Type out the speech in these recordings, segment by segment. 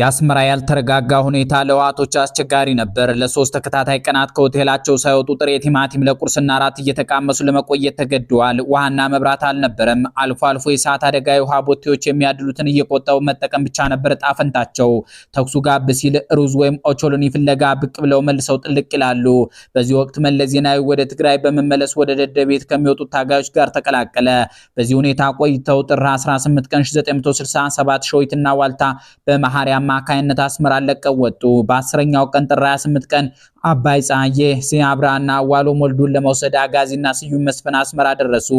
የአስመራ ያልተረጋጋ ሁኔታ ለህወሓቶች አስቸጋሪ ነበር። ለሶስት ተከታታይ ቀናት ከሆቴላቸው ሳይወጡ ጥሬ ቲማቲም ለቁርስና አራት እየተቃመሱ ለመቆየት ተገደዋል። ውሃና መብራት አልነበረም። አልፎ አልፎ የሰዓት አደጋ የውሃ ቦቴዎች የሚያድሉትን እየቆጠቡ መጠቀም ብቻ ነበር ጣፈንታቸው። ተኩሱ ጋብ ሲል ሩዝ ወይም ኦቾሎኒ ፍለጋ ብቅ ብለው መልሰው ጥልቅ ይላሉ። በዚህ ወቅት መለስ ዜናዊ ወደ ትግራይ በመመለስ ወደ ደደቤት ከሚወጡት ታጋዮች ጋር ተቀላቀለ። በዚህ ሁኔታ ቆይተው ጥር 18 ቀን 1967 ሸዊትና ዋልታ በመሐሪያ አማካይነት አስመራ ለቀው ወጡ። በአስረኛው ቀን ጥር 28 ቀን አባይ ፀሐዬ ሲያብራና ዋሎ ሞልዱን ለመውሰድ አጋዚና ስዩም መስፍን አስመራ ደረሱ።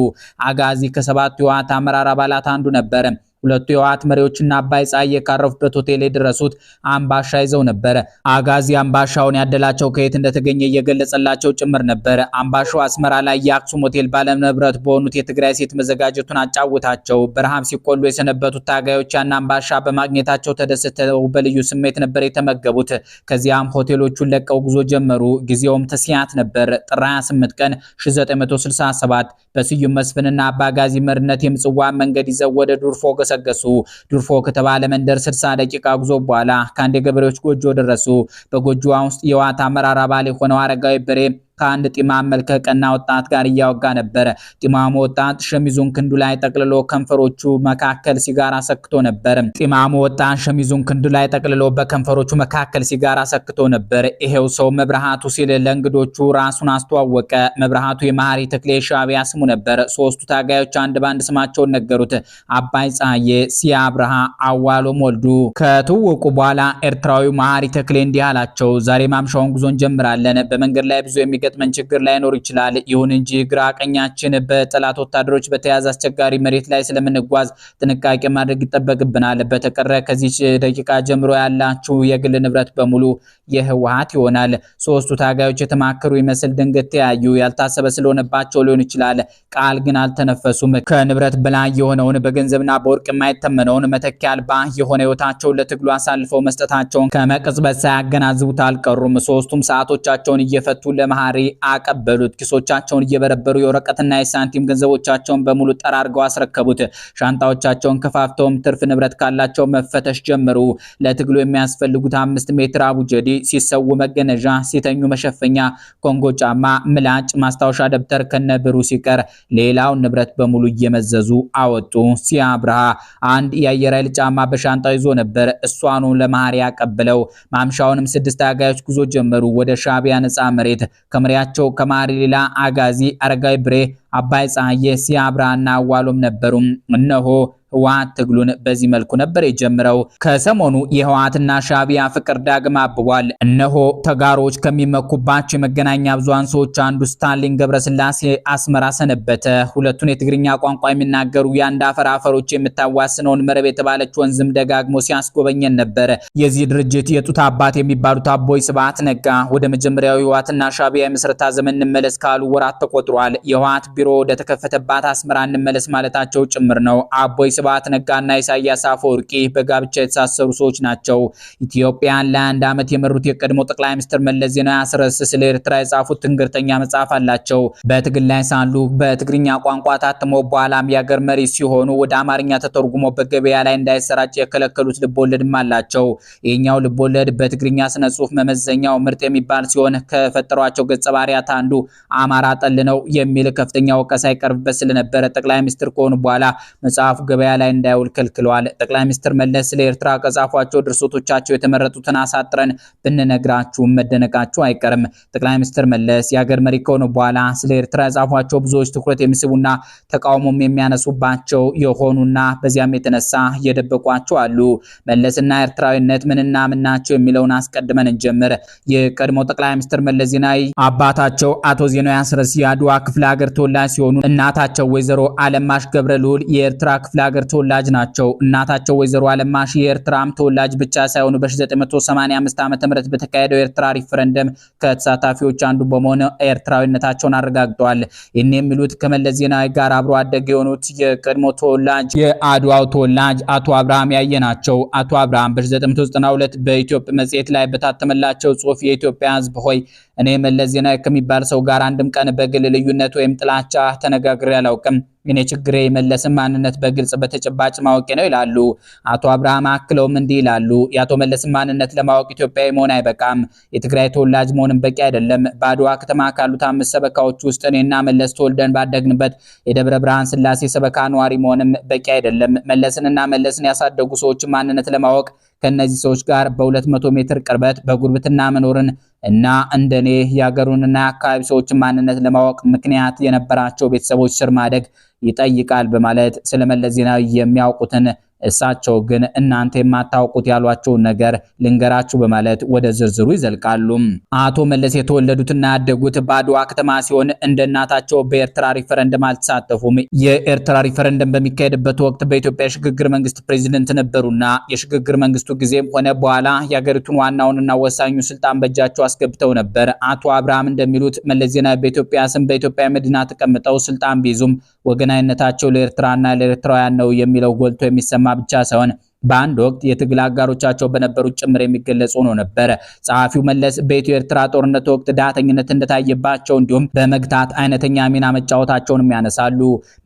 አጋዚ ከሰባቱ የህወሓት አመራር አባላት አንዱ ነበር። ሁለቱ የህወሓት መሪዎችና አባይ ፀሐይ የካረፉበት ሆቴል የደረሱት አምባሻ ይዘው ነበር። አጋዚ አምባሻውን ያደላቸው ከየት እንደተገኘ እየገለጸላቸው ጭምር ነበር። አምባሻው አስመራ ላይ የአክሱም ሆቴል ባለንብረት በሆኑት የትግራይ ሴት መዘጋጀቱን አጫውታቸው በረሃብ ሲቆሉ የሰነበቱት ታጋዮች ያን አምባሻ በማግኘታቸው ተደስተው በልዩ ስሜት ነበር የተመገቡት። ከዚያም ሆቴሎቹን ለቀው ጉዞ ጀመሩ። ጊዜውም ተስያት ነበር። ጥር 28 ቀን 1967 በስዩም መስፍንና አባጋዚ መሪነት የምጽዋ መንገድ ይዘው ወደ ዱር ፎገሰ ገሰገሱ። ዱርፎ ከተባለ መንደር 60 ደቂቃ ጉዞ በኋላ ከአንድ የገበሬዎች ጎጆ ደረሱ። በጎጆዋ ውስጥ የዋት አመራር አባል የሆነው አረጋዊ በሬ ከአንድ ጢማም መልከቀና ወጣት ጋር እያወጋ ነበር ጢማሙ ወጣት ሸሚዙን ክንዱ ላይ ጠቅልሎ ከንፈሮቹ መካከል ሲጋራ ሰክቶ ነበር። ጢማሙ ወጣት ሸሚዙን ክንዱ ላይ ጠቅልሎ በከንፈሮቹ መካከል ሲጋራ ሰክቶ ነበር። ይሄው ሰው መብርሃቱ ሲል ለእንግዶቹ ራሱን አስተዋወቀ። መብርሃቱ የመሐሪ ተክሌ ሻቢያ ስሙ ነበር። ሶስቱ ታጋዮች አንድ ባንድ ስማቸውን ነገሩት። አባይ ፀሐዬ፣ ሲያ አብርሃ፣ አዋሎም ወልዱ። ከትውውቁ በኋላ ኤርትራዊው መሐሪ ተክሌ እንዲህ አላቸው። ዛሬ ማምሻውን ጉዞ እንጀምራለን። በመንገድ ላይ ብዙ የሚገ የሚገጥመን ችግር ላይኖር ይችላል። ይሁን እንጂ ግራ ቀኛችን በጠላት ወታደሮች በተያዘ አስቸጋሪ መሬት ላይ ስለምንጓዝ ጥንቃቄ ማድረግ ይጠበቅብናል። በተቀረ ከዚህ ደቂቃ ጀምሮ ያላችሁ የግል ንብረት በሙሉ የህወሀት ይሆናል። ሶስቱ ታጋዮች የተማከሩ ይመስል ድንገት ተያዩ። ያልታሰበ ስለሆነባቸው ሊሆን ይችላል። ቃል ግን አልተነፈሱም። ከንብረት በላይ የሆነውን በገንዘብና በወርቅ የማይተመነውን መተኪያ አልባ የሆነ ህይወታቸውን ለትግሉ አሳልፈው መስጠታቸውን ከመቅጽበት ሳያገናዝቡት አልቀሩም። ሶስቱም ሰዓቶቻቸውን እየፈቱ ለመሀል ዛሬ አቀበሉት። ኪሶቻቸውን እየበረበሩ የወረቀትና የሳንቲም ገንዘቦቻቸውን በሙሉ ጠራርገው አስረከቡት። ሻንጣዎቻቸውን ከፋፍተውም ትርፍ ንብረት ካላቸው መፈተሽ ጀመሩ። ለትግሉ የሚያስፈልጉት አምስት ሜትር አቡጀዲ፣ ሲሰዉ መገነዣ፣ ሲተኙ መሸፈኛ፣ ኮንጎ ጫማ፣ ምላጭ፣ ማስታወሻ ደብተር ከነብሩ ሲቀር ሌላውን ንብረት በሙሉ እየመዘዙ አወጡ። ሲያብርሃ አንድ የአየር ኃይል ጫማ በሻንጣው ይዞ ነበር። እሷኑ ለማሪ ያቀብለው ማምሻውንም ስድስት አጋዮች ጉዞ ጀመሩ ወደ ሻቢያ ነፃ መሬት ከመሪያቸው ከማሪ ሌላ አጋዚ አረጋዊ ብሬ፣ አባይ ፀሐዬ፣ ሲያብራና ዋሎም ነበሩም እነሆ ህወሓት ትግሉን በዚህ መልኩ ነበር የጀምረው። ከሰሞኑ የህወሓትና ሻቢያ ፍቅር ዳግም አብቧል። እነሆ ተጋሮች ከሚመኩባቸው የመገናኛ ብዙሃን ሰዎች አንዱ ስታሊን ገብረስላሴ አስመራ ሰነበተ። ሁለቱን የትግርኛ ቋንቋ የሚናገሩ የአንድ አፈር አፈሮች የምታዋስነውን መረብ የተባለች ወንዝም ደጋግሞ ሲያስጎበኘን ነበር። የዚህ ድርጅት የጡት አባት የሚባሉት አቦይ ስብሃት ነጋ ወደ መጀመሪያው ህወሓትና ሻቢያ የምስረታ ዘመን እንመለስ ካሉ ወራት ተቆጥሯል። የህወሓት ቢሮ ወደ ተከፈተባት አስመራ እንመለስ ማለታቸው ጭምር ነው። አቦይ ስብሐት ነጋና ኢሳያስ አፈወርቂ በጋብቻ የተሳሰሩ ሰዎች ናቸው። ኢትዮጵያን ለአንድ ዓመት የመሩት የቀድሞ ጠቅላይ ሚኒስትር መለስ ዜናዊ አስረስ ስለ ኤርትራ የጻፉት ትንግርተኛ መጽሐፍ አላቸው። በትግል ላይ ሳሉ በትግርኛ ቋንቋ ታትሞ በኋላም የአገር መሪ ሲሆኑ ወደ አማርኛ ተተርጉሞ በገበያ ላይ እንዳይሰራጭ የከለከሉት ልቦወለድም አላቸው። ይህኛው ልቦወለድ በትግርኛ ስነ ጽሁፍ መመዘኛው ምርጥ የሚባል ሲሆን ከፈጠሯቸው ገጸ ባህሪያት አንዱ አማራ ጠል ነው የሚል ከፍተኛ ወቀሳ ይቀርብበት ስለነበረ ጠቅላይ ሚኒስትር ከሆኑ በኋላ መጽሐፉ ገበያ ገበያ ላይ እንዳይውል ጠቅላይ ሚኒስትር መለስ ስለ ኤርትራ ከጻፏቸው ድርሰቶቻቸው የተመረጡትን አሳጥረን ብንነግራችሁ መደነቃችሁ አይቀርም። ጠቅላይ ሚኒስትር መለስ የአገር መሪ ከሆኑ በኋላ ስለ ኤርትራ የጻፏቸው ብዙዎች ትኩረት የሚስቡና ተቃውሞም የሚያነሱባቸው የሆኑና በዚያም የተነሳ እየደበቋቸው አሉ። መለስና ኤርትራዊነት ምንና ምናቸው የሚለውን አስቀድመን እንጀምር። የቀድሞ ጠቅላይ ሚኒስትር መለስ ዜናዊ አባታቸው አቶ ዜናዊ አስረስ የአድዋ ክፍለ ሀገር ተወላጅ ሲሆኑ እናታቸው ወይዘሮ አለማሽ ገብረ ልዑል የኤርትራ ክፍለ ሀገር ሀገር ተወላጅ ናቸው። እናታቸው ወይዘሮ አለማሽ የኤርትራም ተወላጅ ብቻ ሳይሆኑ በ1985 ዓ.ም በተካሄደው የኤርትራ ሪፈረንደም ከተሳታፊዎች አንዱ በመሆን ኤርትራዊነታቸውን አረጋግጠዋል። ይህን የሚሉት ከመለስ ዜናዊ ጋር አብሮ አደግ የሆኑት የቀድሞ ተወላጅ የአድዋው ተወላጅ አቶ አብርሃም ያየ ናቸው። አቶ አብርሃም በ1992 በኢትዮጵያ መጽሔት ላይ በታተመላቸው ጽሁፍ የኢትዮጵያ ህዝብ ሆይ እኔ መለስ ዜናዊ ከሚባል ሰው ጋር አንድም ቀን በግል ልዩነት ወይም ጥላቻ ተነጋግሬ አላውቅም። እኔ ችግሬ የመለስን ማንነት በግልጽ በተጨባጭ ማወቄ ነው ይላሉ አቶ አብርሃም። አክለውም እንዲህ ይላሉ። የአቶ መለስን ማንነት ለማወቅ ኢትዮጵያዊ መሆን አይበቃም። የትግራይ ተወላጅ መሆንም በቂ አይደለም። በአድዋ ከተማ ካሉት አምስት ሰበካዎች ውስጥ እኔና መለስ ተወልደን ባደግንበት የደብረ ብርሃን ስላሴ ሰበካ ነዋሪ መሆንም በቂ አይደለም። መለስንና መለስን ያሳደጉ ሰዎች ማንነት ለማወቅ ከነዚህ ሰዎች ጋር በ200 ሜትር ቅርበት በጉርብትና መኖርን እና እንደኔ የሀገሩንና የአካባቢ ሰዎችን ማንነት ለማወቅ ምክንያት የነበራቸው ቤተሰቦች ስር ማደግ ይጠይቃል በማለት ስለመለስ ዜናዊ የሚያውቁትን እሳቸው ግን እናንተ የማታውቁት ያሏቸውን ነገር ልንገራችሁ በማለት ወደ ዝርዝሩ ይዘልቃሉ። አቶ መለስ የተወለዱትና ያደጉት በአድዋ ከተማ ሲሆን እንደ እናታቸው በኤርትራ ሪፈረንደም አልተሳተፉም። የኤርትራ ሪፈረንደም በሚካሄድበት ወቅት በኢትዮጵያ የሽግግር መንግስት ፕሬዚደንት ነበሩና የሽግግር መንግስቱ ጊዜም ሆነ በኋላ የሀገሪቱን ዋናውንና ወሳኙ ስልጣን በእጃቸው አስገብተው ነበር። አቶ አብርሃም እንደሚሉት መለስ ዜናዊ በኢትዮጵያ ስም በኢትዮጵያ መዲና ተቀምጠው ስልጣን ቢይዙም ወገናዊነታቸው ለኤርትራና ለኤርትራውያን ነው የሚለው ጎልቶ የሚሰማ ብቻ ሳይሆን በአንድ ወቅት የትግል አጋሮቻቸው በነበሩት ጭምር የሚገለጽ ሆኖ ነበር። ጸሐፊው መለስ በኢትዮ ኤርትራ ጦርነት ወቅት ዳተኝነት እንደታየባቸው እንዲሁም በመግታት አይነተኛ ሚና መጫወታቸውንም ያነሳሉ።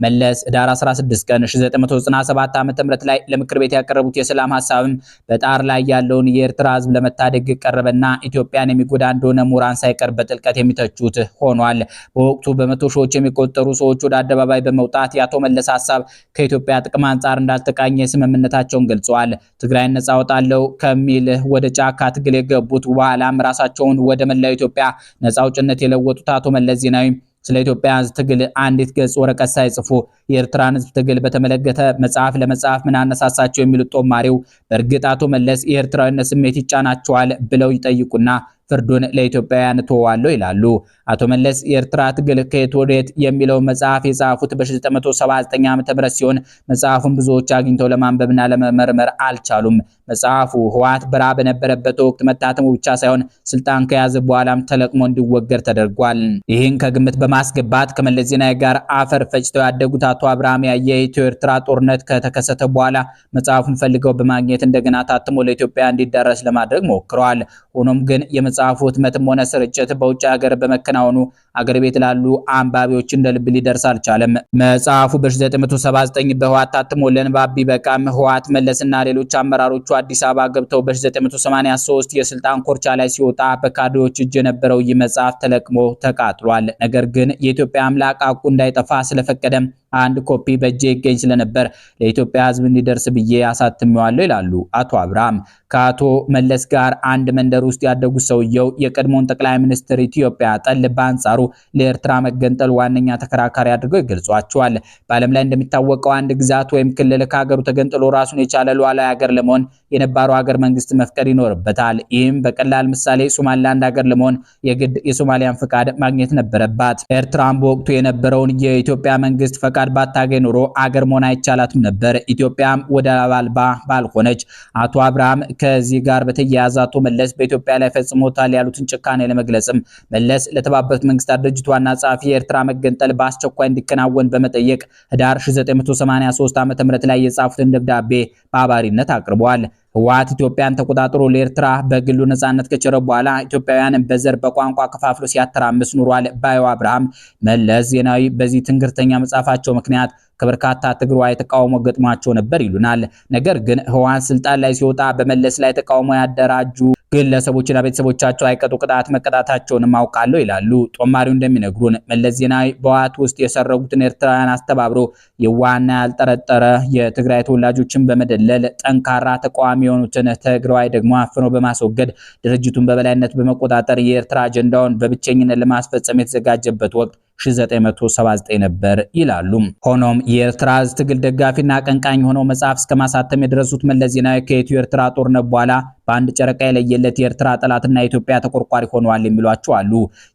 መለስ ዳር 16 ቀን 1997 ዓ.ም ላይ ለምክር ቤት ያቀረቡት የሰላም ሀሳብም በጣር ላይ ያለውን የኤርትራ ህዝብ ለመታደግ ቀረበና ኢትዮጵያን የሚጎዳ እንደሆነ ምሁራን ሳይቀር በጥልቀት የሚተቹት ሆኗል። በወቅቱ በመቶ ሺዎች የሚቆጠሩ ሰዎች ወደ አደባባይ በመውጣት የአቶ መለስ ሀሳብ ከኢትዮጵያ ጥቅም አንጻር እንዳልተቃኘ ስምምነታቸውን ገልጸዋል። ገልጿል። ትግራይ ነጻ አወጣለሁ ከሚል ወደ ጫካ ትግል የገቡት በኋላም ራሳቸውን ወደ መላው ኢትዮጵያ ነጻ አውጭነት የለወጡት አቶ መለስ ዜናዊ ስለ ኢትዮጵያ ሕዝብ ትግል አንዲት ገጽ ወረቀት ሳይጽፉ የኤርትራን ሕዝብ ትግል በተመለከተ መጽሐፍ ለመጽሐፍ ምን አነሳሳቸው የሚሉት ጦማሪው በእርግጥ አቶ መለስ የኤርትራዊነት ስሜት ይጫናቸዋል ብለው ይጠይቁና ፍርዱን ለኢትዮጵያውያን ተዋለው ይላሉ። አቶ መለስ የኤርትራ ትግል ከየት ወዴት የሚለው መጽሐፍ የጻፉት በ1979 ዓ.ም ሲሆን መጽሐፉን ብዙዎች አግኝተው ለማንበብና ለመመርመር አልቻሉም። መጽሐፉ ህወሓት በራ በነበረበት ወቅት መታተሙ ብቻ ሳይሆን ስልጣን ከያዘ በኋላም ተለቅሞ እንዲወገድ ተደርጓል። ይህን ከግምት በማስገባት ከመለስ ዜናዊ ጋር አፈር ፈጭተው ያደጉት አቶ አብርሃም ያየ የኢትዮ ኤርትራ ጦርነት ከተከሰተ በኋላ መጽሐፉን ፈልገው በማግኘት እንደገና ታትሞ ለኢትዮጵያ እንዲዳረስ ለማድረግ ሞክረዋል። ሆኖም ግን የመ የመጽሐፉ ህትመትም ሆነ ስርጭት በውጭ ሀገር በመከናወኑ አገር ቤት ላሉ አንባቢዎች እንደ ልብ ሊደርስ አልቻለም። መጽሐፉ በ1979 በህዋት ታትሞ ለንባብ ቢበቃም ህዋት መለስና ሌሎች አመራሮቹ አዲስ አበባ ገብተው በ1983 የስልጣን ኮርቻ ላይ ሲወጣ በካድሬዎች እጅ የነበረው ይህ መጽሐፍ ተለቅሞ ተቃጥሏል። ነገር ግን የኢትዮጵያ አምላክ አቁ እንዳይጠፋ ስለፈቀደም አንድ ኮፒ በእጄ ይገኝ ስለነበር ለኢትዮጵያ ሕዝብ እንዲደርስ ብዬ አሳትሜዋለሁ ይላሉ አቶ አብርሃም። ከአቶ መለስ ጋር አንድ መንደር ውስጥ ያደጉት ሰውየው የቀድሞውን ጠቅላይ ሚኒስትር ኢትዮጵያ ጠል በአንጻሩ ለኤርትራ መገንጠል ዋነኛ ተከራካሪ አድርገው ይገልጿቸዋል። በዓለም ላይ እንደሚታወቀው አንድ ግዛት ወይም ክልል ከሀገሩ ተገንጥሎ ራሱን የቻለ ሉዓላዊ ሀገር ለመሆን የነባሩ ሀገር መንግስት መፍቀድ ይኖርበታል። ይህም በቀላል ምሳሌ ሶማሊላንድ ሀገር ለመሆን የግድ የሶማሊያን ፈቃድ ማግኘት ነበረባት። ኤርትራም በወቅቱ የነበረውን የኢትዮጵያ መንግስት ፈቃድ ባታገኝ ኖሮ አገር መሆን አይቻላትም ነበር። ኢትዮጵያም ወደብ አልባ ባልሆነች። አቶ አብርሃም ከዚህ ጋር በተያያዘ አቶ መለስ በኢትዮጵያ ላይ ፈጽሞታል ያሉትን ጭካኔ ለመግለጽም መለስ ለተባበሩት መንግስታት ድርጅት ዋና ጸሐፊ የኤርትራ መገንጠል በአስቸኳይ እንዲከናወን በመጠየቅ ህዳር 1983 ም ላይ የጻፉትን ደብዳቤ በአባሪነት አቅርቧል። ህወሓት ኢትዮጵያን ተቆጣጥሮ ለኤርትራ በግሉ ነጻነት ከቸረ በኋላ ኢትዮጵያውያንን በዘር በቋንቋ ከፋፍሎ ሲያተራምስ ኑሯል ባዩ አብርሃም መለስ ዜናዊ በዚህ ትንግርተኛ መጽሐፋቸው ምክንያት ከበርካታ ትግራዋይ ተቃውሞ ገጥሟቸው ነበር ይሉናል። ነገር ግን ህወሓት ስልጣን ላይ ሲወጣ በመለስ ላይ ተቃውሞ ያደራጁ ግለሰቦችና ቤተሰቦቻቸው አይቀጡ ቅጣት መቀጣታቸውንም አውቃለሁ ይላሉ። ጦማሪው እንደሚነግሩን መለስ ዜናዊ በህወሓት ውስጥ የሰረጉትን ኤርትራውያን አስተባብሮ የዋና ያልጠረጠረ የትግራይ ተወላጆችን በመደለል ጠንካራ ተቃዋሚ የሆኑትን ትግራዋይ ደግሞ አፍኖ በማስወገድ ድርጅቱን በበላይነት በመቆጣጠር የኤርትራ አጀንዳውን በብቸኝነት ለማስፈጸም የተዘጋጀበት ወቅት 1979 ነበር ይላሉ። ሆኖም የኤርትራ ትግል ደጋፊና አቀንቃኝ ሆነው መጽሐፍ እስከ ማሳተም የደረሱት መለስ ዜናዊ ከኢትዮ ኤርትራ ጦርነት በኋላ በአንድ ጨረቃ የለየለት የኤርትራ ጠላትና የኢትዮጵያ ተቆርቋሪ ሆነዋል የሚሏቸው አሉ።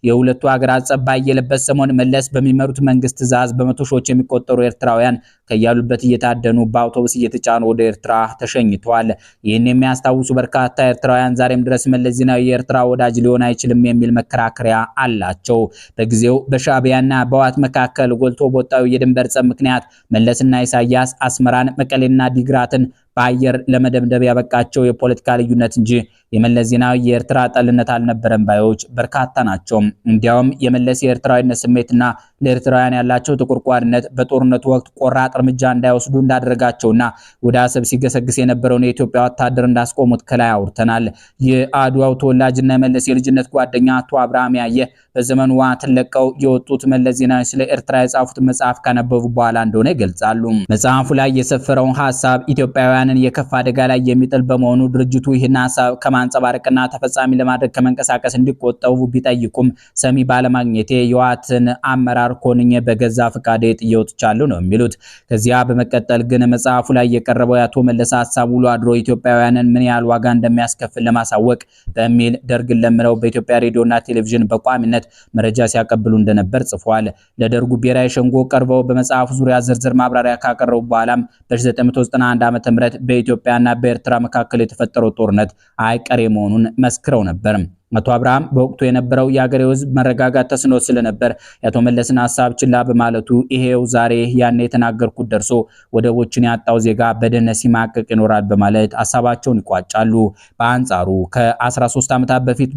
የሁለቱ ሀገራት ጸብ ባየለበት ሰሞን መለስ በሚመሩት መንግስት ዛዝ በመቶ ሺዎች የሚቆጠሩ ኤርትራውያን ከያሉበት እየታደኑ በአውቶቡስ እየተጫኑ ወደ ኤርትራ ተሸኝተዋል። ይህን የሚያስታውሱ በርካታ ኤርትራውያን ዛሬም ድረስ መለስ ዜናዊ የኤርትራ ወዳጅ ሊሆን አይችልም የሚል መከራከሪያ አላቸው። በጊዜው በሻቢያና በህወሓት መካከል ጎልቶ በወጣው የድንበር ጸብ ምክንያት መለስና ኢሳያስ አስመራን፣ መቀሌና ዲግራትን በአየር ለመደብደብ ያበቃቸው የፖለቲካ ልዩነት እንጂ የመለስ ዜናዊ የኤርትራ ጠልነት አልነበረም ባዮች በርካታ ናቸው። እንዲያውም የመለስ የኤርትራዊነት ስሜትና ለኤርትራውያን ያላቸው ተቆርቋሪነት በጦርነቱ ወቅት ቆራጥ እርምጃ እንዳይወስዱ እንዳደረጋቸውና ወደ አሰብ ሲገሰግስ የነበረውን የኢትዮጵያ ወታደር እንዳስቆሙት ከላይ አውርተናል። የአድዋው ተወላጅና የመለስ የልጅነት ጓደኛ አቶ አብርሃም ያየ በዘመኑ ህወሓትን ለቀው የወጡት መለስ ዜናዊ ስለ ኤርትራ የጻፉት መጽሐፍ ካነበቡ በኋላ እንደሆነ ይገልጻሉ። መጽሐፉ ላይ የሰፈረው ሀሳብ ኢትዮጵያውያንን የከፍ አደጋ ላይ የሚጥል በመሆኑ ድርጅቱ ይህን ሀሳብ ከማንጸባረቅና ተፈጻሚ ለማድረግ ከመንቀሳቀስ እንዲቆጠቡ ቢጠይቁም ሰሚ ባለማግኘቴ የህወሓትን አመራር ኮንኜ በገዛ ፈቃዴ ጥዬ ወጥቻለሁ ነው የሚሉት። ከዚያ በመቀጠል ግን መጽሐፉ ላይ የቀረበው የአቶ መለስ ሀሳብ ውሎ አድሮ ኢትዮጵያውያንን ምን ያህል ዋጋ እንደሚያስከፍል ለማሳወቅ በሚል ደርግን ለምነው በኢትዮጵያ ሬዲዮና ቴሌቪዥን በቋሚነት በማለት መረጃ ሲያቀብሉ እንደነበር ጽፏል። ለደርጉ ብሔራዊ ሸንጎ ቀርበው በመጽሐፉ ዙሪያ ዝርዝር ማብራሪያ ካቀረቡ በኋላም በ1991 ዓ.ም በኢትዮጵያና በኤርትራ መካከል የተፈጠረው ጦርነት አይቀሬ መሆኑን መስክረው ነበር። አቶ አብርሃም በወቅቱ የነበረው የአገሬው ህዝብ መረጋጋት ተስኖ ስለነበር የአቶ መለስን ሀሳብ ችላ በማለቱ ይሄው ዛሬ ያን የተናገርኩት ደርሶ ወደቦችን ያጣው ዜጋ በድህነት ሲማቀቅ ይኖራል በማለት ሀሳባቸውን ይቋጫሉ። በአንጻሩ ከ13 ዓመታት በፊት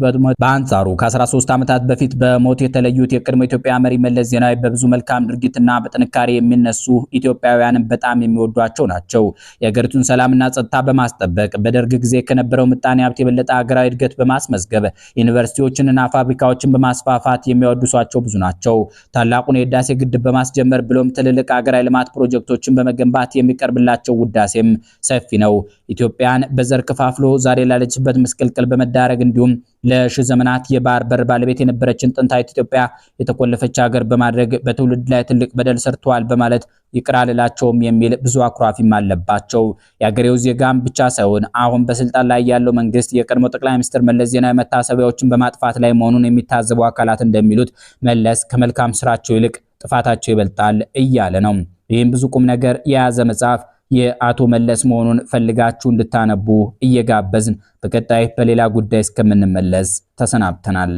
በአንጻሩ ከ13 ዓመታት በፊት በሞት የተለዩት የቅድመ ኢትዮጵያ መሪ መለስ ዜናዊ በብዙ መልካም ድርጊትና በጥንካሬ የሚነሱ ኢትዮጵያውያንን በጣም የሚወዷቸው ናቸው። የሀገሪቱን ሰላምና ጸጥታ በማስጠበቅ በደርግ ጊዜ ከነበረው ምጣኔ ሀብት የበለጠ ሀገራዊ እድገት በማስመዝገብ ዩኒቨርሲቲዎችንና ፋብሪካዎችን በማስፋፋት የሚያወድሷቸው ብዙ ናቸው። ታላቁን የህዳሴ ግድብ በማስጀመር ብሎም ትልልቅ አገራዊ ልማት ፕሮጀክቶችን በመገንባት የሚቀርብላቸው ውዳሴም ሰፊ ነው። ኢትዮጵያን በዘር ከፋፍሎ ዛሬ ላለችበት ምስቅልቅል በመዳረግ እንዲሁም ለሺ ዘመናት የባህር በር ባለቤት የነበረችን ጥንታዊት ኢትዮጵያ የተቆለፈች ሀገር በማድረግ በትውልድ ላይ ትልቅ በደል ሰርተዋል በማለት ይቅር አልላቸውም የሚል ብዙ አኩራፊም አለባቸው። የአገሬው ዜጋም ብቻ ሳይሆን አሁን በስልጣን ላይ ያለው መንግስት የቀድሞ ጠቅላይ ሚኒስትር መለስ ዜናዊ መታሰቢያዎችን በማጥፋት ላይ መሆኑን የሚታዘቡ አካላት እንደሚሉት መለስ ከመልካም ስራቸው ይልቅ ጥፋታቸው ይበልጣል እያለ ነው። ይህም ብዙ ቁም ነገር የያዘ መጽሐፍ የአቶ መለስ መሆኑን ፈልጋችሁ እንድታነቡ እየጋበዝን በቀጣይ በሌላ ጉዳይ እስከምንመለስ ተሰናብተናል።